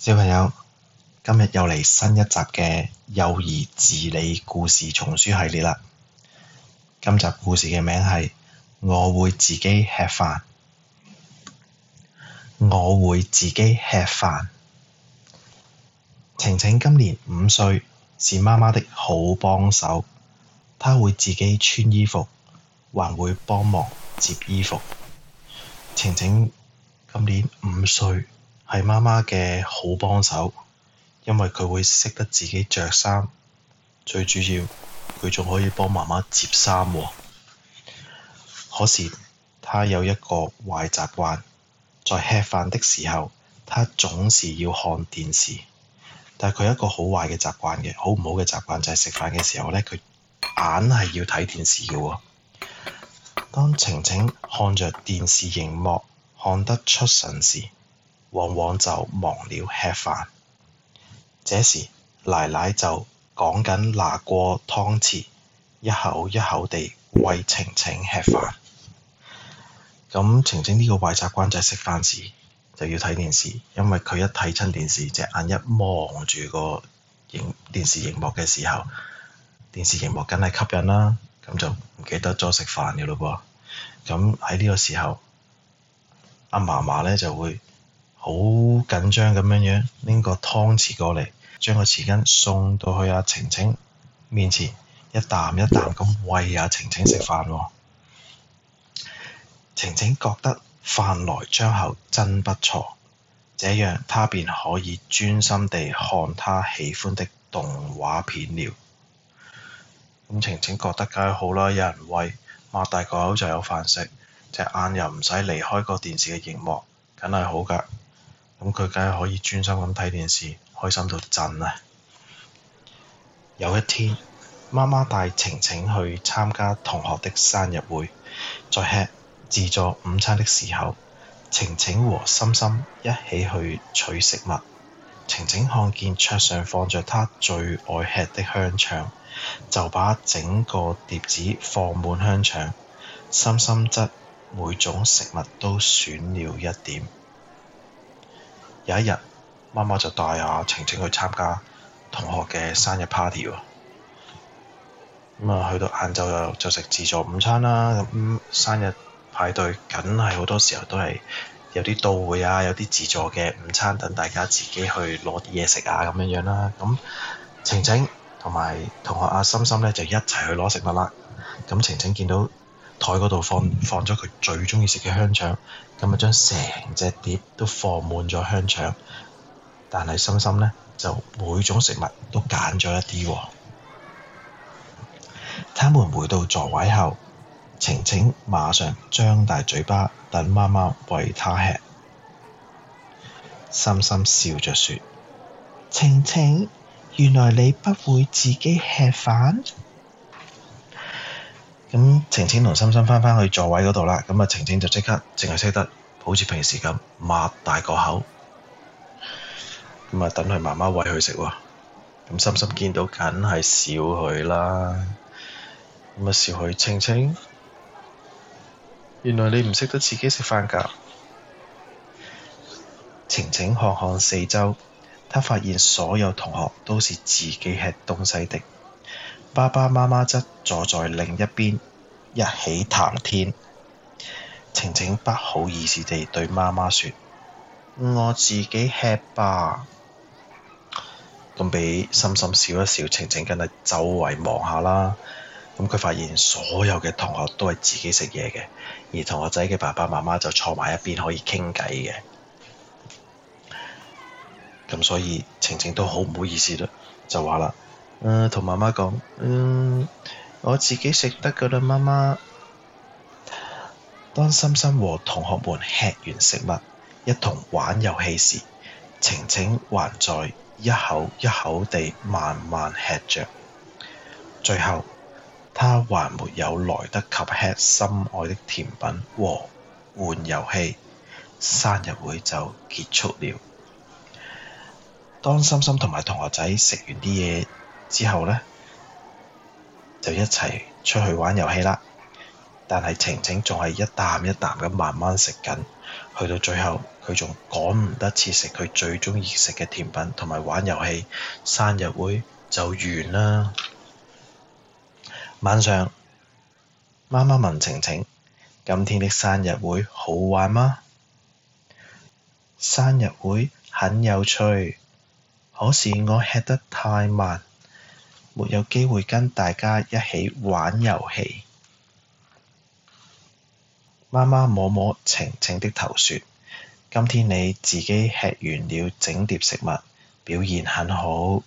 小朋友，今日又嚟新一集嘅幼兒自理故事叢書系列啦。今集故事嘅名係我會自己吃飯，我會自己吃飯。晴晴今年五歲，是媽媽的好幫手。她會自己穿衣服，還會幫忙接衣服。晴晴今年五歲。係媽媽嘅好幫手，因為佢會識得自己着衫，最主要佢仲可以幫媽媽接衫。可是，他有一個壞習慣，在吃飯的時候，他總是要看電視。但係佢有一個好壞嘅習慣嘅好唔好嘅習慣就係食飯嘅時候咧，佢硬係要睇電視嘅。當晴晴看着電視熒幕看得出神時，往往就忘了吃飯，這時奶奶就趕緊拿過湯匙，一口一口地餵晴晴吃飯。咁晴晴呢個壞習慣就係食飯時就要睇電視，因為佢一睇親電視，隻眼一望住個影電視熒幕嘅時候，電視熒幕梗係吸引啦，咁就唔記得咗食飯嘅咯噃。咁喺呢個時候，阿嫲嫲咧就會。好緊張咁樣樣，拎個湯匙過嚟，將個匙羹送到去阿、啊、晴晴面前，一啖一啖咁餵阿晴晴食飯、啊。晴晴覺得飯來張口真不錯，這樣她便可以專心地看她喜歡的動畫片了。咁、嗯、晴晴覺得梗係好啦，有人餵，擘大個口就有飯食，隻眼又唔使離開個電視嘅熒幕，梗係好㗎。咁佢梗係可以專心咁睇電視，開心到震啦！有一天，媽媽帶晴晴去參加同學的生日會，在吃自助午餐的時候，晴晴和心心一起去取食物。晴晴看見桌上放着她最愛吃的香腸，就把整個碟子放滿香腸。心心則每種食物都選了一點。有一日，媽媽就帶阿晴晴去參加同學嘅生日 party 喎。咁啊，去到晏晝就食自助午餐啦。咁生日派對梗係好多時候都係有啲到會啊，有啲自助嘅午餐等大家自己去攞啲嘢食啊咁樣樣啦。咁晴晴同埋同學阿心心呢，就一齊去攞食物啦。咁晴晴見到，枱嗰度放放咗佢最鍾意食嘅香腸，咁啊將成隻碟都放滿咗香腸，但係心心呢，就每種食物都揀咗一啲喎。他們回到座位後，晴晴馬上張大嘴巴等媽媽餵她吃。心心笑着説：晴晴，原來你不會自己吃飯。咁晴晴同心心返返去座位嗰度啦，咁啊晴晴就即刻淨係識得好似平時咁擘大個口，咁啊等佢媽媽餵佢食喎。咁心心見到梗係笑佢啦，咁啊笑佢晴晴，原來你唔識得自己食飯㗎。晴晴看看四周，她發現所有同學都是自己吃東西的。爸爸媽媽則坐在另一邊一起談天。晴晴不好意思地對媽媽說： 我自己吃吧。咁俾心心笑一笑。晴晴梗係周圍望下啦。咁佢發現所有嘅同學都係自己食嘢嘅，而同學仔嘅爸爸媽媽就坐埋一邊可以傾偈嘅。咁所以晴晴都好唔好意思啦，就話啦。同、嗯、媽媽講，嗯，我自己食得噶啦，媽媽。當心心和同學們吃完食物，一同玩遊戲時，晴晴還在一口一口地慢慢吃着。最後，她還沒有來得及吃心愛的甜品和玩遊戲，生日會就結束了。當心心同埋同學仔食完啲嘢。之後呢，就一齊出去玩遊戲啦。但係晴晴仲係一啖一啖咁慢慢食緊，去到最後佢仲趕唔得切食佢最鍾意食嘅甜品同埋玩遊戲。生日會就完啦。晚上，媽媽問晴晴：「今天的生日會好玩嗎？生日會很有趣，可是我吃得太慢。沒有機會跟大家一起玩遊戲。媽媽摸摸晴晴的頭說：今天你自己吃完了整碟食物，表現很好。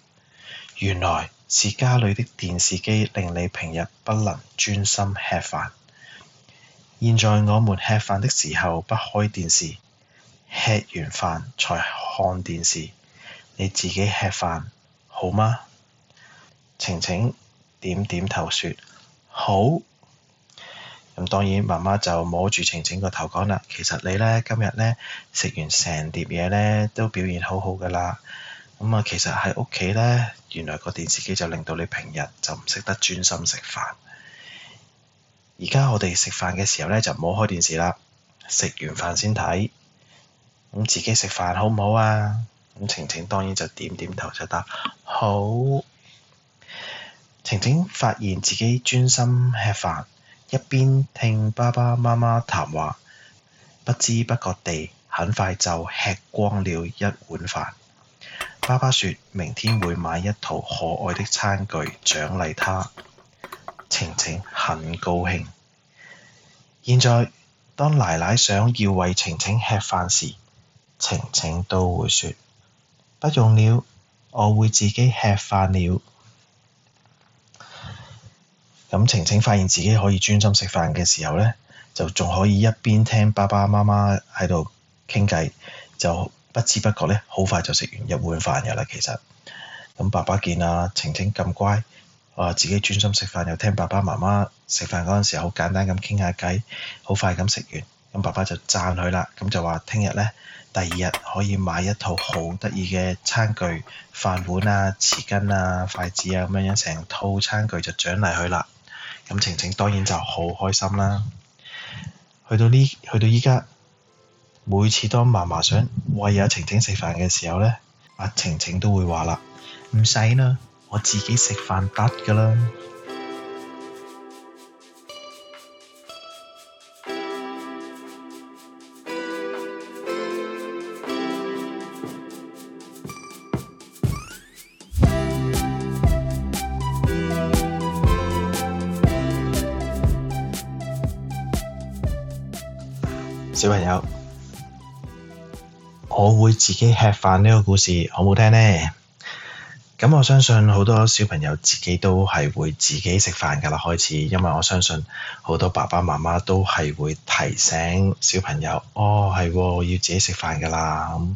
原來是家裏的電視機令你平日不能專心吃飯。現在我們吃飯的時候不開電視，吃完飯才看電視。你自己吃飯好嗎？晴晴點點頭說：好。咁當然，媽媽就摸住晴晴個頭講啦。其實你呢，今日呢，食完成碟嘢呢，都表現好好噶啦。咁啊，其實喺屋企呢，原來個電視機就令到你平日就唔識得專心食飯。而家我哋食飯嘅時候呢，就唔好開電視啦。食完飯先睇。咁自己食飯好唔好啊？咁晴晴當然就點點頭就得。好。晴晴發現自己專心吃飯，一邊聽爸爸媽媽談話，不知不覺地很快就吃光了一碗飯。爸爸說明天會買一套可愛的餐具獎勵她。」晴晴很高興。現在，當奶奶想要餵晴晴吃飯時，晴晴都會說：不用了，我會自己吃飯了。咁晴晴發現自己可以專心食飯嘅時候呢，就仲可以一邊聽爸爸媽媽喺度傾偈，就不知不覺呢，好快就食完一碗飯嘅啦。其實，咁爸爸見啊晴晴咁乖，啊自己專心食飯又聽爸爸媽媽食飯嗰陣時好簡單咁傾下偈，好快咁食完，咁爸爸就讚佢啦。咁就話聽日呢，第二日可以買一套好得意嘅餐具、飯碗啊、匙羹啊、筷子啊咁樣，成套餐具就獎勵佢啦。咁晴晴當然就好開心啦。去到呢，去到依家，每次當嫲嫲想餵阿晴晴食飯嘅時候呢，阿晴晴都會話啦：唔使啦，我自己食飯得噶啦。小朋友，我會自己吃飯呢個故事好唔好聽呢？咁我相信好多小朋友自己都係會自己食飯噶啦，開始，因為我相信好多爸爸媽媽都係會提醒小朋友，哦，係喎，我要自己食飯噶啦。咁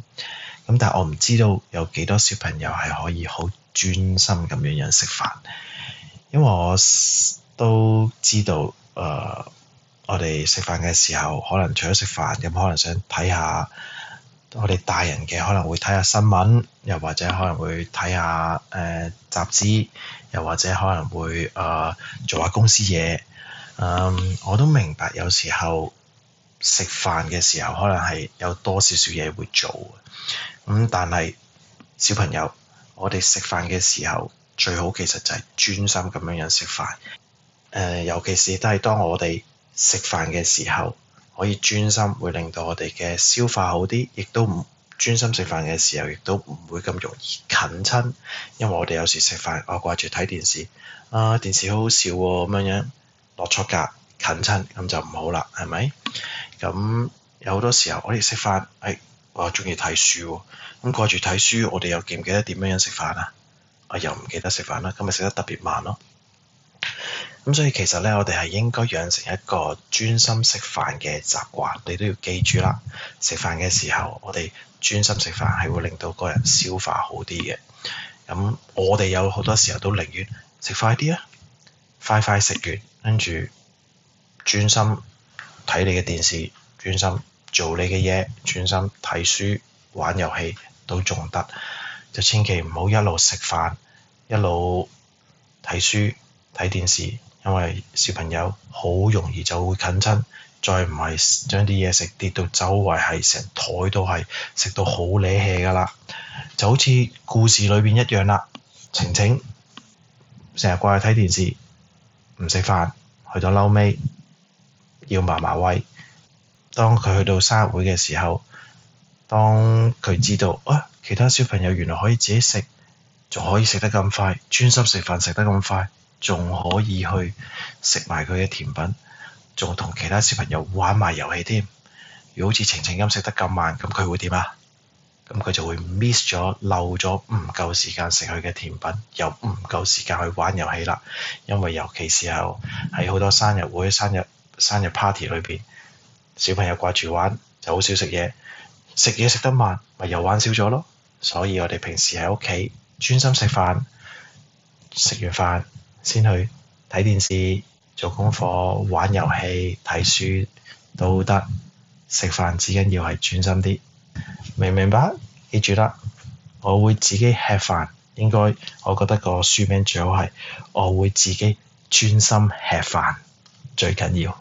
咁，但係我唔知道有幾多小朋友係可以好專心咁樣樣食飯，因為我都知道誒。呃我哋食飯嘅時候，可能除咗食飯，咁可能想睇下我哋大人嘅，可能會睇下新聞，又或者可能會睇下誒、呃、雜誌，又或者可能會啊、呃、做下公司嘢。嗯，我都明白有時候食飯嘅時候，可能係有多少少嘢會做咁，嗯、但係小朋友，我哋食飯嘅時候最好其實就係專心咁樣樣食飯。誒、呃，尤其是都係當我哋。食飯嘅時候可以專心，會令到我哋嘅消化好啲，亦都唔專心食飯嘅時候，亦都唔會咁容易近親。因為我哋有時食飯，我掛住睇電視，啊電視好好笑喎，哦，咁樣樣落錯格，近親，咁就唔好啦，係咪？咁有好多時候我哋食飯，係、哎，我又中意睇書，咁掛住睇書，我哋又記唔記得點樣樣食飯啊？我又唔記得食飯啦，咁咪食得特別慢咯。咁所以其實咧，我哋係應該養成一個專心食飯嘅習慣。你都要記住啦，食飯嘅時候，我哋專心食飯係會令到個人消化好啲嘅。咁我哋有好多時候都寧願食快啲啊，快快食完跟住專心睇你嘅電視，專心做你嘅嘢，專心睇書、玩遊戲都仲得。就千祈唔好一路食飯一路睇書、睇電視。因為小朋友好容易就會近親，再唔係將啲嘢食跌到周圍係成台都係食到好舐 hea 噶啦，就好似故事裏邊一樣啦。晴晴成日過去睇電視，唔食飯，去到嬲尾，要麻麻餵。當佢去到生日會嘅時候，當佢知道啊，其他小朋友原來可以自己食，仲可以食得咁快，專心食飯食得咁快。仲可以去食埋佢嘅甜品，仲同其他小朋友玩埋遊戲添。如果好似晴晴咁食得咁慢，咁佢會點啊？咁佢就會 miss 咗，漏咗，唔夠時間食佢嘅甜品，又唔夠時間去玩遊戲啦。因為尤其時候，喺好多生日會、生日生日 party 裏邊，小朋友掛住玩就好少食嘢，食嘢食得慢咪又玩少咗咯。所以我哋平時喺屋企專心食飯，食完飯，先去睇電視、做功課、玩遊戲、睇書都得。食飯至緊要係專心啲，明唔明白？記住啦，我會自己吃飯。應該我覺得個書名最好係我會自己專心吃飯，最緊要。